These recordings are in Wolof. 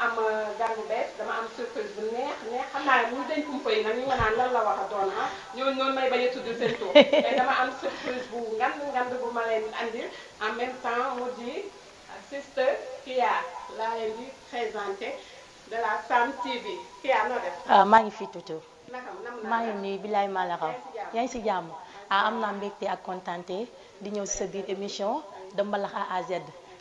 am euh, gan bes dama am surprise bu neex neex xam naa ne bu ñu denc kumpa fay nag ñu nga naan lan la wax a doon ah ñooñu noonu may bañ a tudd seen tur mais dama am surprise bu ngand ngand bu ma leen andil en même temps mu di sister Kia laa leen di présenté de la Sam TV Kia noo def. ah maa ngi fi tuuti. maa ngi nuyu bilaay maa la raw yaa ngi si jàmm ah am naa mbégte ak kontaante di ñëw si sa biir émission de Mbalax A à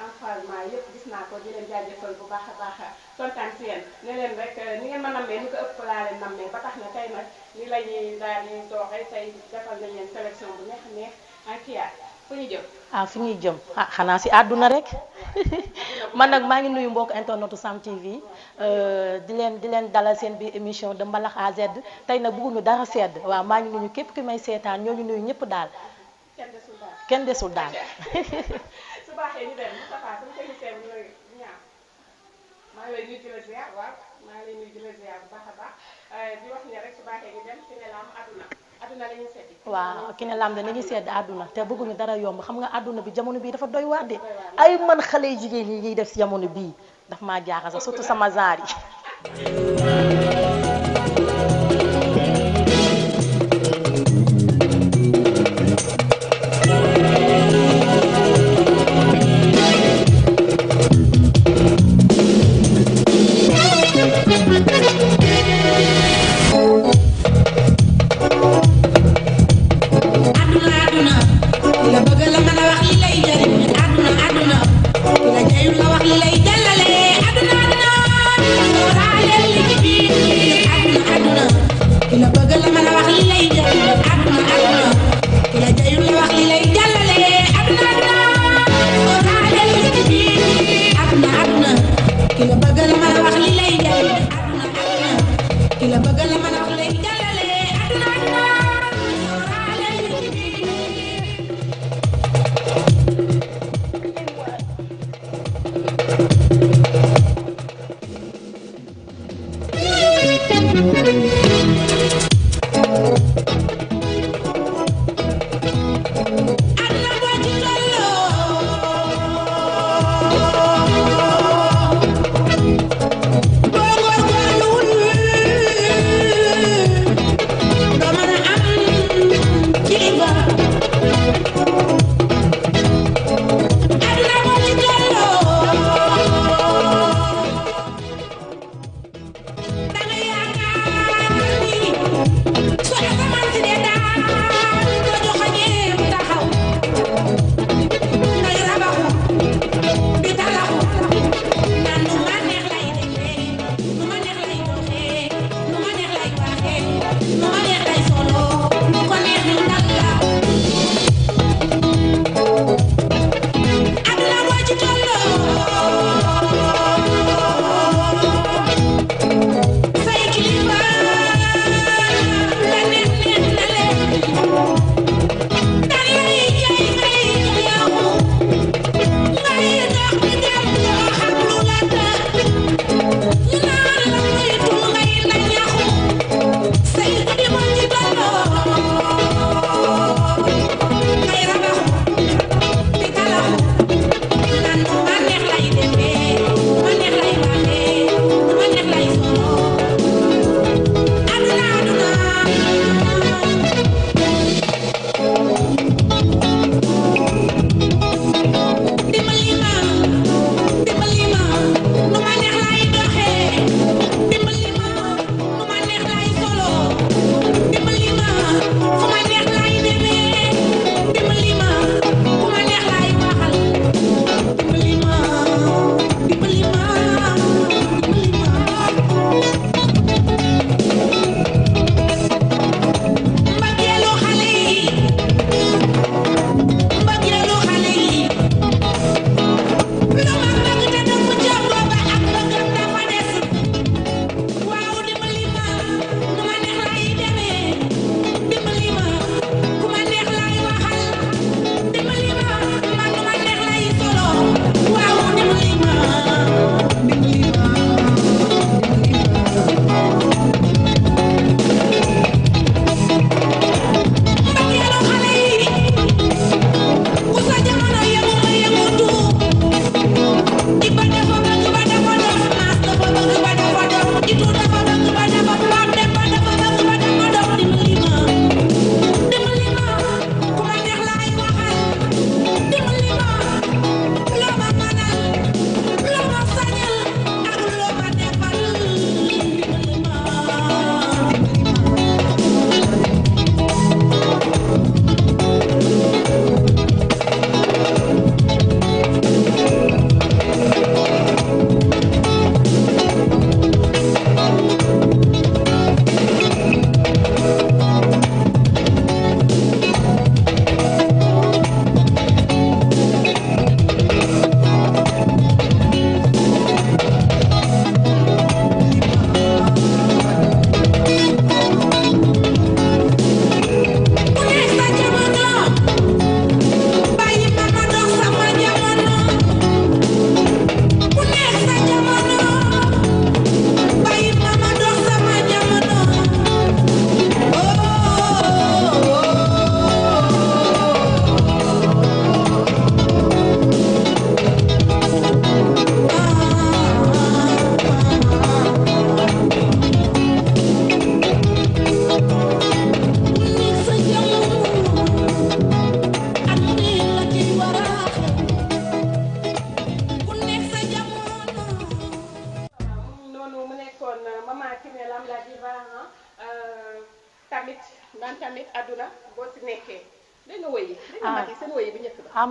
encouragement yëpp gis naa ko di leen jaajëfal bu baax a baax a kontaan ci yéen ne leen rek eh, ni ngeen ma nammee ni ko ëpp laa leen nammee ba tax na tey nag ni la ñuy daal di defal nañ leen bu neex neex ak kiyaat fu ñu jëm. ah fu ñuy jëm ah xanaa si àdduna rek man nag maa ngi nuyu mbokk internetu Sam TV eh, di leen di leen dalal seen bi émission de mbalax à Z tey nag bëgguñu dara sedd waaw maa ngi nuyu képp ki may seetaan ñooñu nuyu ñëpp daal. kenn desul daal baaxee ñu dem Moustapha ngi lay waaw maa ngi di la euh, ñu dem ci àdduna te bëgguñu dara yomb xam nga àdduna bi jamono bii dafa doy waar de ay man xale jigéen yi ñuy def si jamono bii daf maa jaaxal sax surtout sama zaar yi Thank you.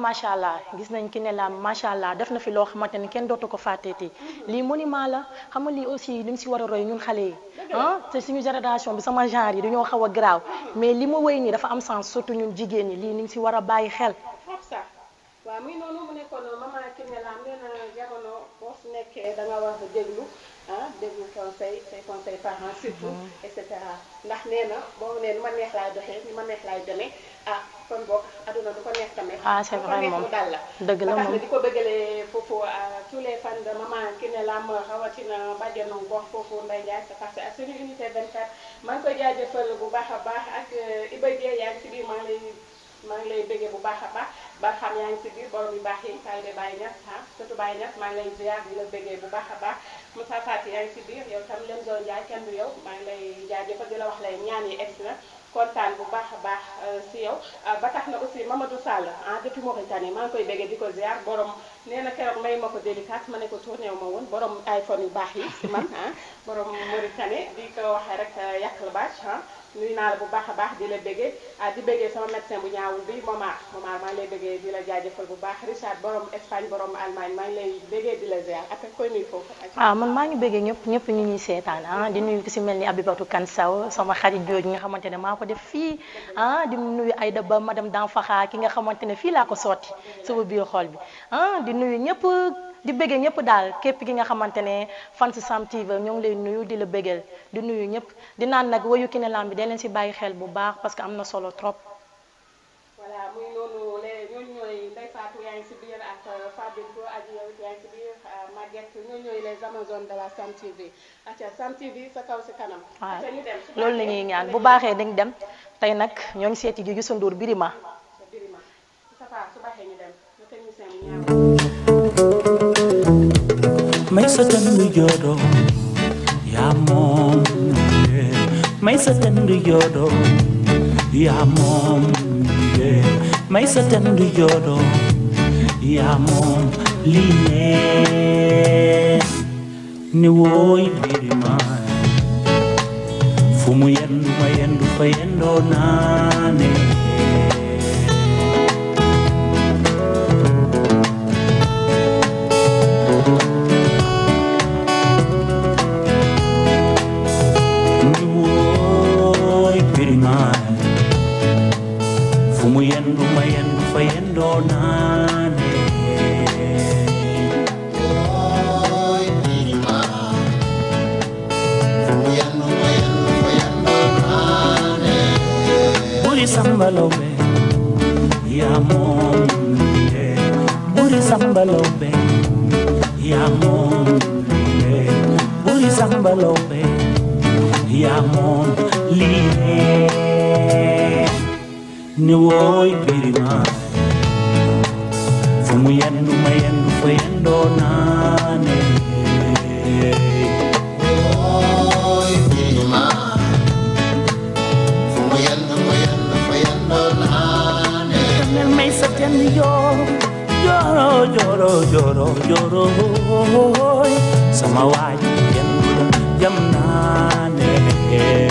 macha allah gis nañ ki ne la macha allah def na fi loo xamante ni kenn dootu ko fàtteeti lii monument la xam nga lii aussi li mu si war a roy ñun xale yi ah te suñu génération bi sama genre yi dañoo xaw a garaaw mais li ma wéy nii dafa am sens surtout ñun jigéen ñi lii ni mu si war a bàyyi xel. waaw muy noonu mu nekkoon maman Kiné Lam nee na jamono boo da nga war a Hein, déglu conseil say conseil parents surtout et cetera ndax nee na boo nee nu ma neex laay doxee ni ma neex laay demee ah kon boog aduna du ko neex tamit. ah c'est vrai moom dal la. dëgg la moom di ko bëggalee foofu ah, tous les fans de maman ki ne lam rawatina bàjjenu gox foofu Ndeye Ndiaye c'est passé ak suñu unité 24 maa ngi koy jaajëfal bu baax a baax ak euh, Iba Dieng yaa ngi si biir maa ngi lay. maa ngi lay bëggee bu baax a baax barxam yaa ngi si biir borom yu baax yi taalibe Baye Niass ah surtout Baye Niass maa ngi lay ziar di la bëggee bu baax a baax Moussa Faty yaa ngi si biir yow tam lem doon jaay kenn du yow maa ngi lay jaajëfal di la wax lay ñaan yi egsi na kontaan bu baax a baax si yow ba tax na aussi Mamadou Sall ah depuis Mauritanie maa ngi koy bëggee di ko ziar borom nee na keroog may ma ko délicat ma ne ko tourné wu ma woon borom iPhone yu baax yi si man ah borom Mauritanie di ko waxee rek yàq la bâche ah nuyu naa la bu baax a baax di la béggee ah di béggee sama médecin bu ñaawul bi Momar Momar maa lay béggee di la jaajëfal bu baax Richard borom Espagne borom Allemagne maa lay béggee di la ziar après koy nuyu foofu. ah man maa ngi béggee ñëpp ñëpp ñu ñuy seetaan ah di nuyu ku si mel ni Abibatou Kansaw sama xarit jooju nga xamante ne maa ko def fii ah di nuyu Aïda Ba madame Danfaxa ki nga xamante ne fii laa ko sotti suba biir xool bi ah, di nuyu ñëpp. di bëggee ñëpp daal képp gi nga xamante ne fans Sam TV ñoo ngi lay nuyu di la bëggal di nuyu ñëpp di naan nag woyu Kiné Lam bi da si bàyyi xel bu baax parce que am na solo trop. ak euh, Fabien Bo euh, de la Sam TV acca Sam TV sa kaw si kanam. loolu la ñuy ñaan bu baaxee dañ dem tey nag ñoo ngi seeti ji Youssou Ndour Birima. sa tëndu joodo yaa moom sa tëndu joodo lii nee ni wooy mbiri maay yendu ma yendu fa yendoo naane sambalombe ya mondile buri sambalombe ya mondile buri sambalombe ya mondile ni woy pirima fumu yandu mayandu fayandona joro joro joro sama waaj kenn du dem jam naa ne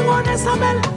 Simone Isabel.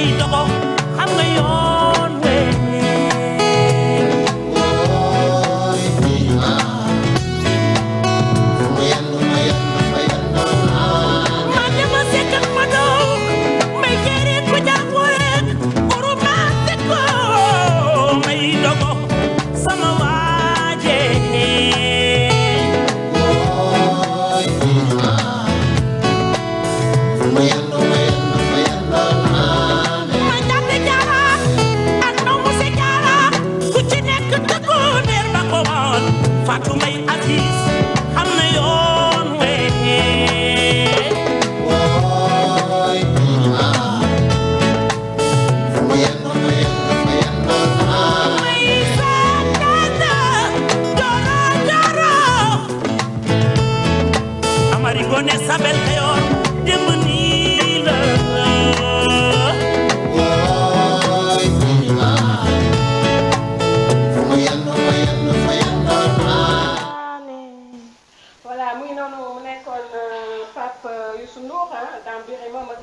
没到过，还没有。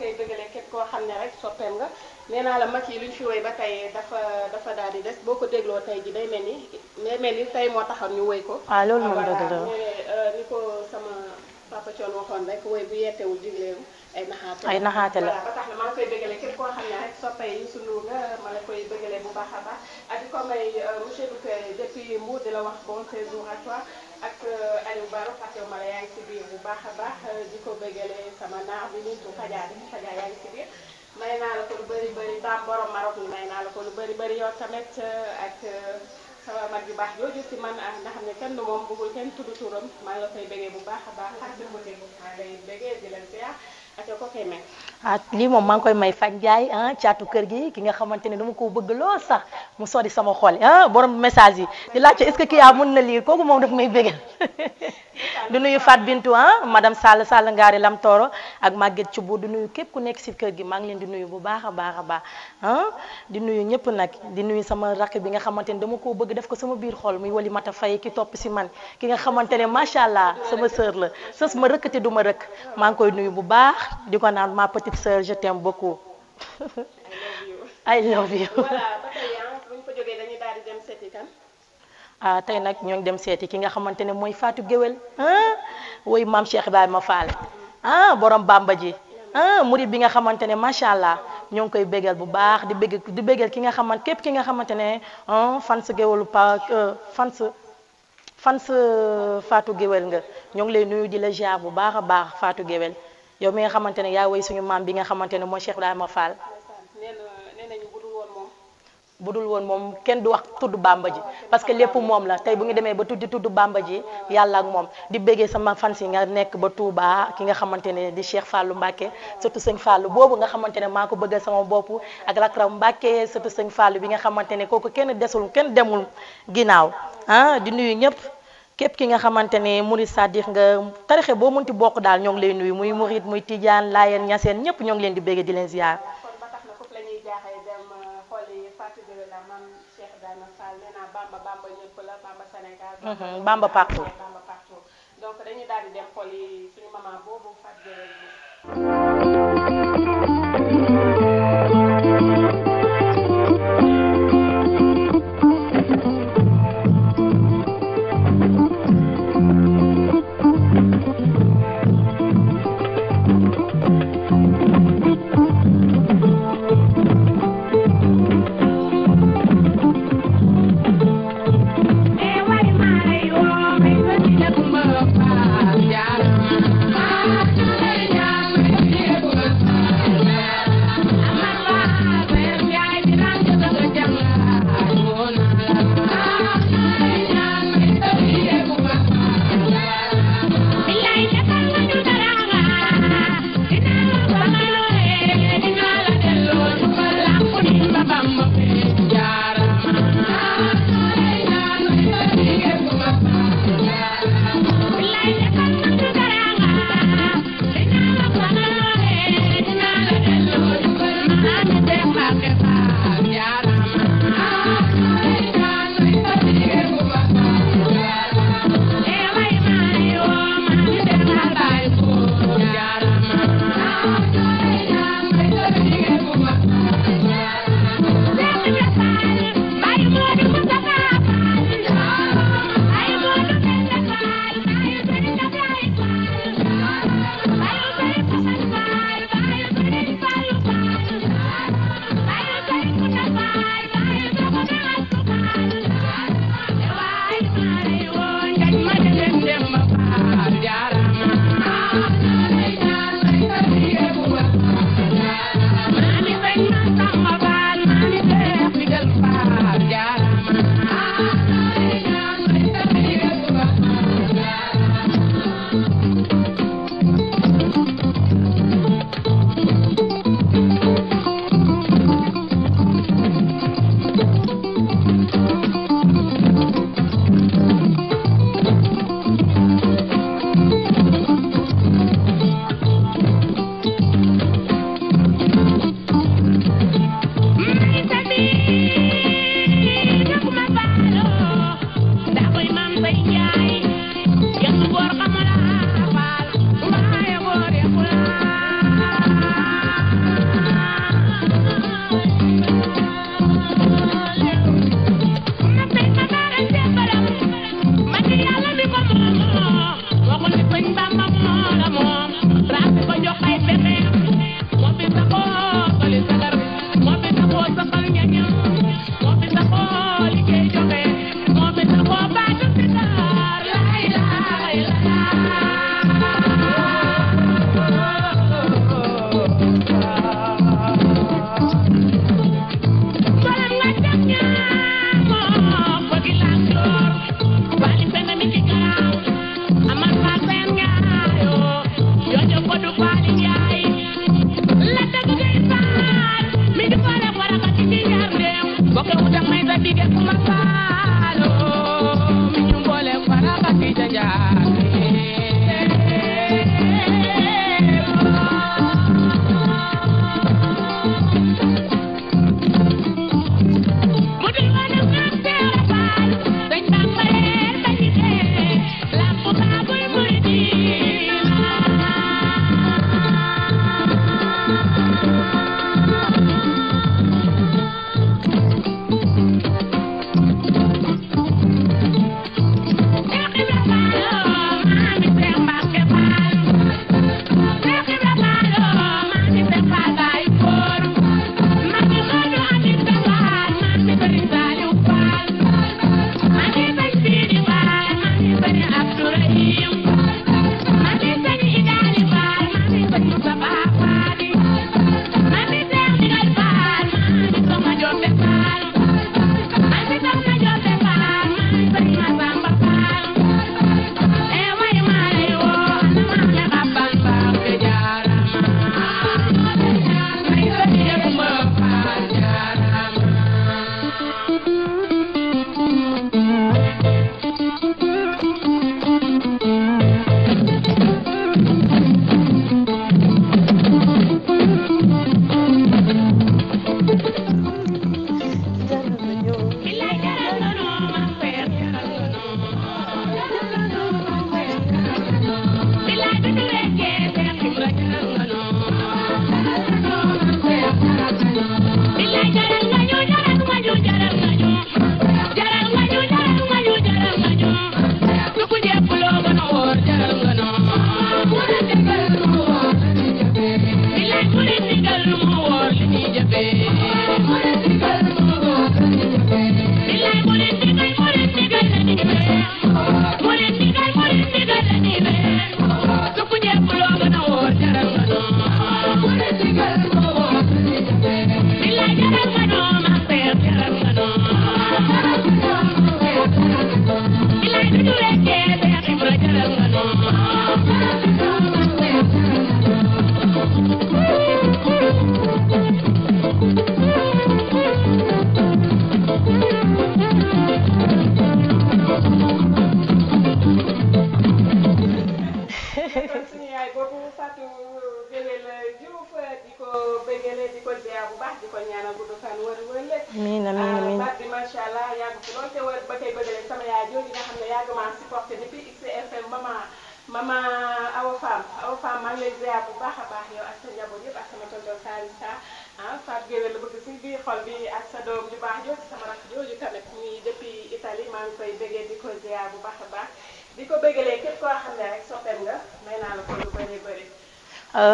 koy bëggalee képp koo xam ne rek soppeem nga nee la mag yi lu ñu fi woy ba tey dafa dafa daal di des boo ko dégloo tey ji day mel ni day ni tey moo tax ñu woy ko. ah loolu moom ah, dëgg la euh, ni ko sama papa Thion waxoon rek woy bu yettewul digleewu ay naxaate la ay naxaate la ba tax na maa ngi koy képp koo xam ne rek soppee yi sunu nga ma la koy bëggalee bu baax a baax ak di ko may euh, monsieur Dupe depuis Mbour di la wax bon séjour à toi. ak euh, Aliou Baro Fatou ma yaa ngi ci biir bu baax a baax euh, di ko bëggale sama naar bi nitu Fadia bi Fadia yaa ngi ci biir may naa la ko lu bëri bëri daam borom Maroc mi may naa la ko lu bari bari yoo tamit euh, ak sama mag yu baax jooju ci man ah, nga xam ne kenn moom bëggul kenn tudd turam maa ngi la koy bëggee bu baax a baax ak di ko déglu maa ngi lay bëggee di ah lii moom maa ngi koy may Fatou Ndiaye ah, caatu kër gi ki nga xamante ne dama koo bëgg loo sax mu sori sama xol ah message yi di laajte est-ce que kii yaa mën na lire kooku moom daf may bëggal du nuyu Fat Bintou ah madame Sall Sall Ngaari Lam Tooro ak Maguette Thioub du nuyu képp ku nekk si kër gi maa ngi leen di nuyu bu baax a baax a baax ah, di nuyu ñëpp nag di nuyu sama rakk bi nga xamante ne dama koo bëgg def ko sama biir xol muy wali mata fay ki topp si man ki nga xamante ne macha allah sama sœur la sës ma rëkkati du ma rëkk maa ngi koy nuyu bu baax di ko naan ma petite sœur je t'aime beaucoup love you. Ah, tey nag ñoo ngi dem seeti ki nga xamante ne mooy faatu géwél ah woy maam Cheikh Ibrahima Fall ah borom Bamba ji ah bi nga xamante ne macha allah ñoo ngi koy béggal bu baax di bégg di bégal ki nga xamante képp ki nga xamante ne ah, fans Guewelu pa euh, fans fans euh, Fatou Guewel nga ñoo ngi lay nuyu di la ziar bu baax a baax Fatou Guewel yow mi nga xamante ne yaa woy suñu maam bi nga xamante ne mooy Cheikh Ibrahima Fall. bu dul woon moom kenn du wax tudd bamba ji parce que lépp moom la tey bu ngi demee ba tuddi tudd bamba ji yàlla ak moom di béggee sama fans yi nga nekk ba Touba ki nga xamante ne di Cheikh Fallou Mbacké surtout sëñ Fallou boobu nga xamante ne maa ko bëggal sama bopp ak Lakram Mbacké surtout sëñ Fallou bi nga xamante ne kooku kenn desul kenn demul ginnaaw ah di nuyu ñëpp képp ki nga xamante ne murid sadix nga tarixe boo mënti bokk daal ñoo ngi lay nuyu muy murid muy tijaan laayeen ñaseen ñëpp ñoo ngi leen di béggee di leen ziar Mhm, Bamba partout donc dañuy daal di dem xool yi suñu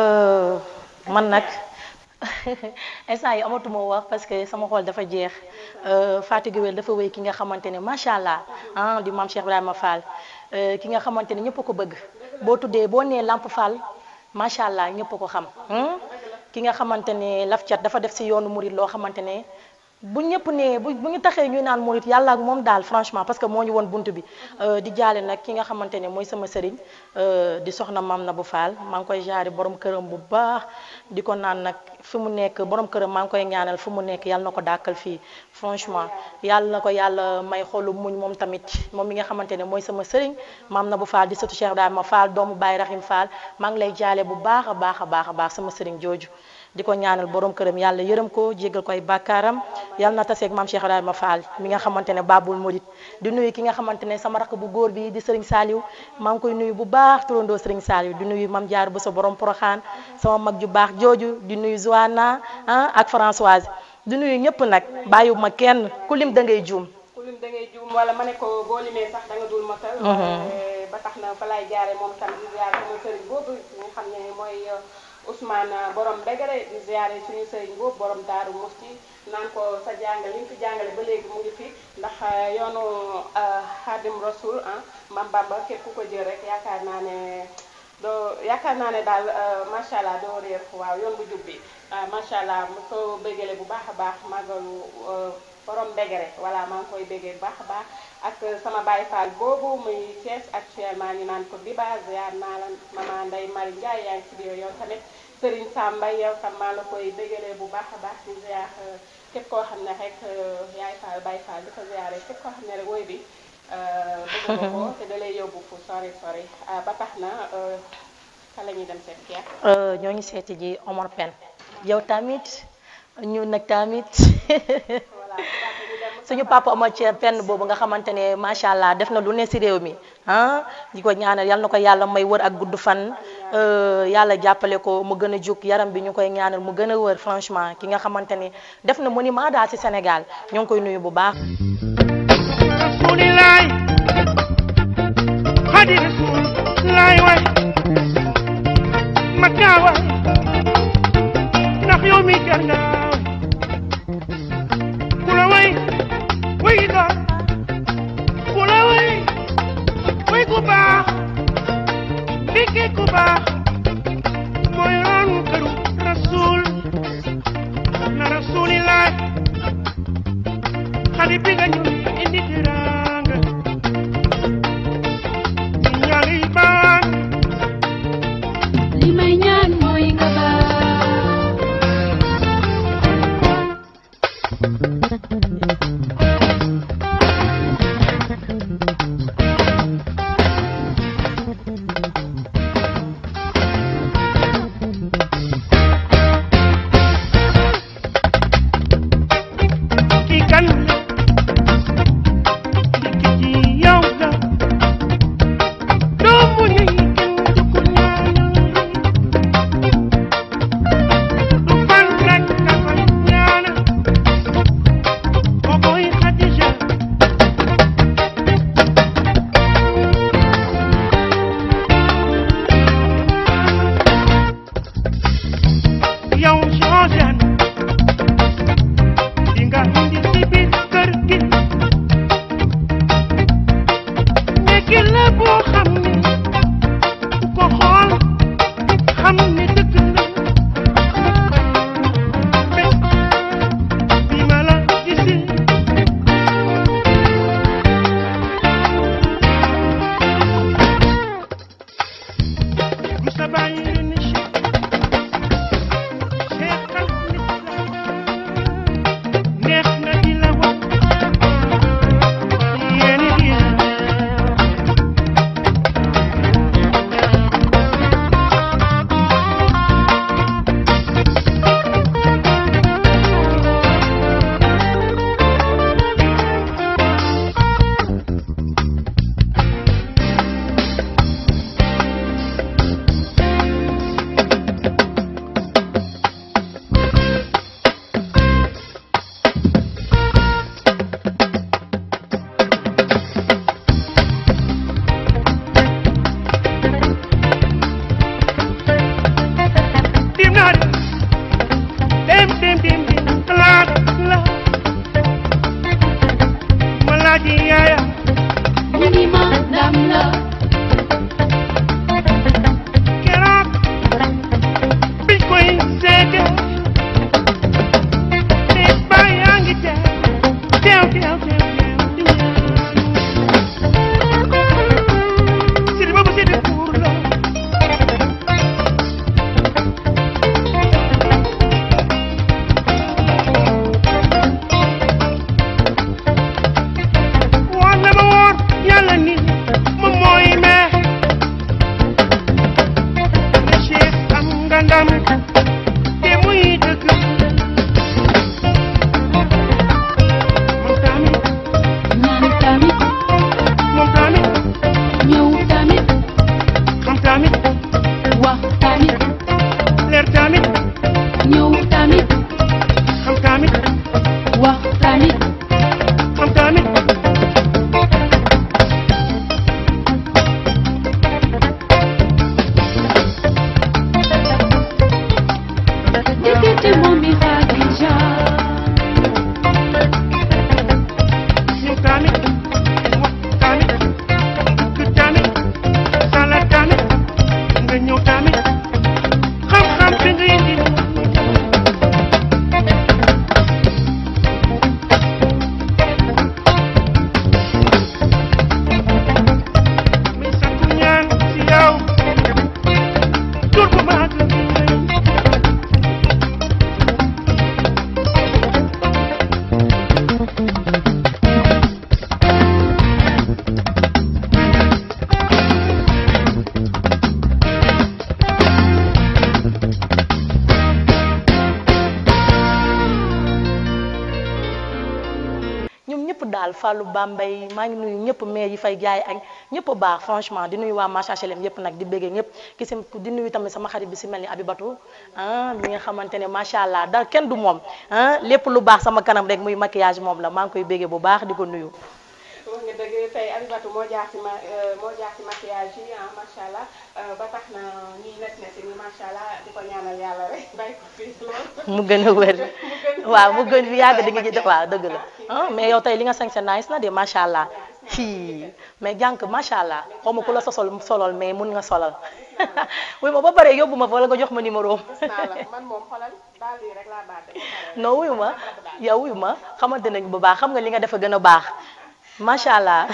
Euh, man nag instant yi amatuma wax parce que sama xool dafa jeex euh, Fatou Guewel dafa wéy ki nga xamante ne macha allah ah di maam Cheikh Ibrahima Fall euh, ki nga xamante ne ñëpp ko bëgg boo tuddee boo nee Lamp Fall macha allah ñëpp ko xam hmm? ki nga xamante ne dafa def si yoonu murit loo xamante ne. bu ñëpp nee bu bu ñu taxee ñuy naan murit yàlla ak moom daal franchement parce que moo ñu woon bunt bi euh, di jaale nag ki nga xamante ne mooy sama sëriñ euh, di soxna maam na bu faal maa ngi koy jaari borom këram bu baax di ko naan nag fi mu nekk borom këram maa ngi koy ñaanal fi mu nekk yàlla na ko dàkkal fii franchement yàlla na ko yàlla may xolu muñ moom tamit moom mi nga xamante ne mooy sama sëriñ maam na bu faal di sëtu Cheikh Ibrahima Faal doomu Baye Rahim Faal maa ngi lay jaale bu baax a baax a baax a baax sama sëriñ jooju di ko ñaanal borom këram yàlla yërëm ko jégal koy bàkkaaram yàlla na taseeg maam Cheikh ma Fall mi nga xamante ne Babul Murid di nuyu ki nga xamante ne sama rakk bu góor bi di Serigne Saliou maa ngi koy nuyu bu baax turandoo Serigne Saliou di nuyu mam jaar bu sa borom Poroxaan sama mag ju baax jooju di nuyu Zoana ah ak Françoise di nuyu ñëpp nag bàyyiwu ma kenn ku lim da ngay juum. ku ma ne ko boo limee sax da dul matal. Mhm. Eh, ba tax na fa xam ne Ousmane ah, borom Mbegere di ziare suñu sëriñ boobu borom Daaru Muxti naan ko sa jàngal li nga fi jàngale ba léegi mu ngi fi ndax ah, yoonu ah, Xaadim Rasul ma Mam Bamba képp ku ko jël rek yaakaar naa ne doo naa ne daal macha allah doo réer waaw yoon bu jub bi macha allah mu ko bu baax a baax màggalu borom Mbegere voilà maa ngi koy bëggee baax a baax. ak sama baay faal boobu muy Thiès actuellement ñu naan ko Diba ziar naa la maman Ndeye Marie Ndiaye yaa ngi ci biir yow tamit Serigne Samba yow tam la koy dégalee bu baax a baax di ziar euh, képp euh, ko xam ne rek woy bi euh, te da yóbbu fu sori sori ah, ba tax na ka la ñuy dem seet kii ñoo ñu seeti ji Omar Pène yow tamit ñun nag tamit suñu papa Omar Pène boobu nga xamante ne macha allah def na lu ne si réew mi ah di ko yal na ko yàlla may wër ak gudd fan. Euh, yàlla jàppale ko mu gën a jug yaram bi ñu koy ñaanal mu gën a wër franchement ki nga xamante ni def na monument daal ci Sénégal ñoo ngi koy nuyu bu baax. ndax yow mi jar nga Minimum, damn love. Fallou Bambey maa ngi nuyu ñëpp maire yi fay jaay añ ñëpp a baax franchement di nuyu waa marché HLM yëpp nag di béggee ñëpp kisi di nuyu tamit sama xarit bi si mel ni Abibatou ah mi nga xamante ne macha allah da kenn du moom ah, lépp lu baax sama kanam rek muy maquillage moom la maa ngi koy béggee bu baax di ko nuyu. wax nga moo jaar ci ma euh, moo jaar maquillage yi ah, macha allah. Euh, ba allah mu gën a wér waaw mu gën yàgg di nga ji waaw dëgg la ah mais yow tey li nga sañse nice na de macha allah fii mais jànq macha allah xaw ma ku la sosol solol mais mun nga solal wuy ba pare yóbbu ma fa wala nga jox ma numéro am. man moom xolal daal lii rek laa baatee. ma yow ma xamante nañu bu baax xam nga li nga def a gën a baax. macha allah.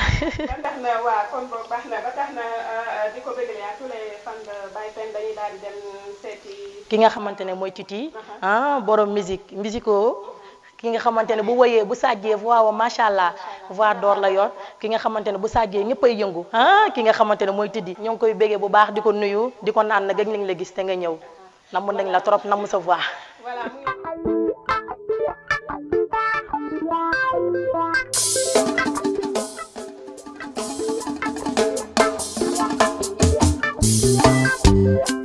ba tax na waaw kon boog baax na ba tax na di ko bëgg tous les de dañuy daal di dem seeti. ki nga xamante ne mooy Titi. ah borom musique musico. ki nga xamante ne bu woyee bu sàjjee waaw macha allah voix la yor ki ah ki nga xamante ne mooy bu baax di ko nuyu di ko naan nag ak la gis Thank you.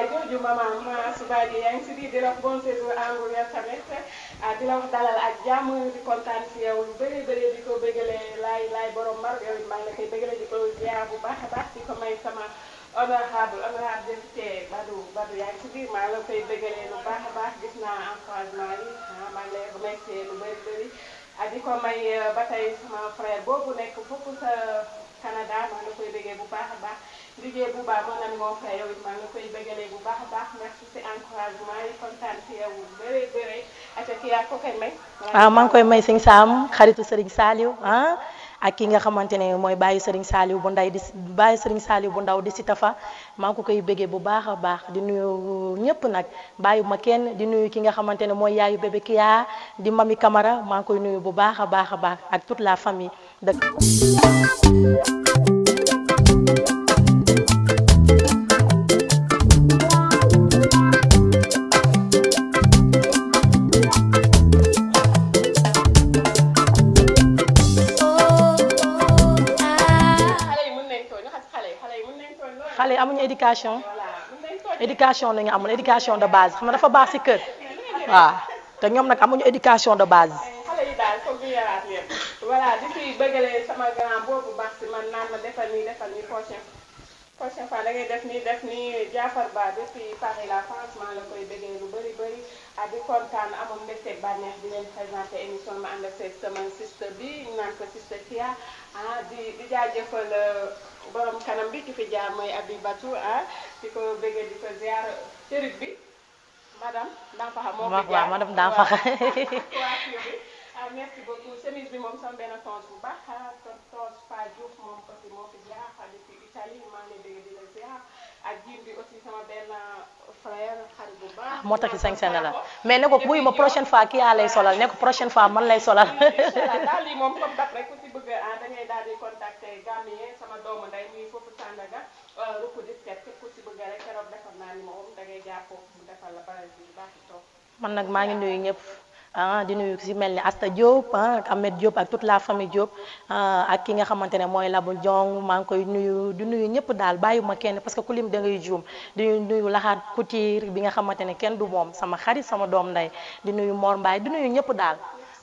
yaay jooju maman maman Suba Dieng yaa ngi si di di la bon séjour en Angleterre tamit ah, di la wax dalal ak jàmm di kontaan si yow lu bëree ko bëggale laay laay borom mar yow it maa ngi la koy bëggale di ko ziar bu baax a baax di ko may sama honorable honorable député Badou Badou yaa ngi si biir maa la koy bëggale lu baax a baax gis naa encouragement yi ah maa ngi lay remercier lu bëri bëri ah, di ko may euh, ba tey sama frère boobu nekk foofu sa Canada maa ngi la koy bu baax a baax. liggéey koy ah, maa ngi koy may waaw sëñ Saam xaritu sëriñ saaliw ah, ak ki nga xamante ne mooy bàyyi Serigne saaliw bu nday di bàyyi bu ndaw di si tafa maa ngi ko koy bëggee bu baax a baax di nuyu ñëpp nag bàyyi ma kenn di nuyu ki nga xamante ne mooy yaayu bébé Kia di mami kamara maa ngi koy nuyu bu baax a baax a baax ak toute la famille dëkk éducation éducation la ñu amul éducation de base xam nga dafa baax si kër waaw te ñoom nag amuñu éducation de base. xale yi daal foog ñu yaraat leen voilà di fi bëggalee sama grand boobu baax si man naan ma defal nii defal nii prochaine prochaine fois da ngay def nii def nii Jaafar Ba depuis Paris la franchement la koy bëggee lu bëri bëri ah di kontaan amul mbégte bànneex di leen présenté émission ma ànd ak seen sama bi naan ko sister Kia ah di di jaajëfal. Euh, borom kanam bi ki fi jaar mooy Abibatou ah di ko bëggee di ko ziar cërib bi madame Danfaxa moo ko jaar ah, bi ah, moo fi jaar depuis Italie maa ngi lay bëgg di la sañ seen la mais ne ko buy prochaine fois kii yaa lay solal nekko ko prochaine fois man lay solal. Euh, man nag maa ngi nuyu ñëpp. ah di nuyu si mel ni Asta Diop ah Ahmed ak toute la famille Diop ah, ak ki nga xamante ne mooy Labou Jong maa ngi koy nuyu di nuyu ñëpp daal bàyyi ma kenn parce que ku lim da ngay juum di nuyu laxaat couture bi nga xamante ne kenn du moom sama xarit sama doom nday di nuyu Mor Mbaye di nuyu ñëpp daal.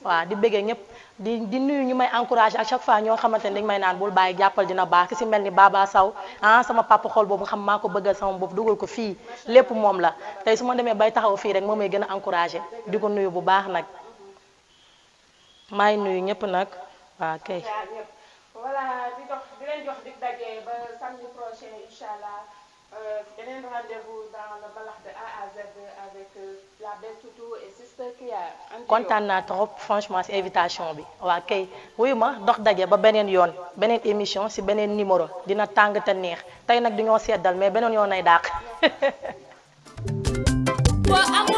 waaw di bëggee ñëpp di di nuyu ñu may encouragé a chaque fois ñoo xamante ne dañu may naan bul bàyyi jàppal dina baax ki si mel ni Baba Saw ah sama papa xool boobu xam maa ko bëggal sama boobu dugal ko fii lépp moom la tey su ma demee bay taxaw fii rek moom may gën a encouragé di ko nuyu bu baax nag maay nuyu ñëpp nag waaw kay. Euh, beneen na vous dans euh, trop franchement ci invitation bi waa kay wuyu ma dox daje ba beneen yoon beneen émission ci beneen numéro dina tàng te neex tey nag du ñoo seddal mais beneen yoon nay dàq.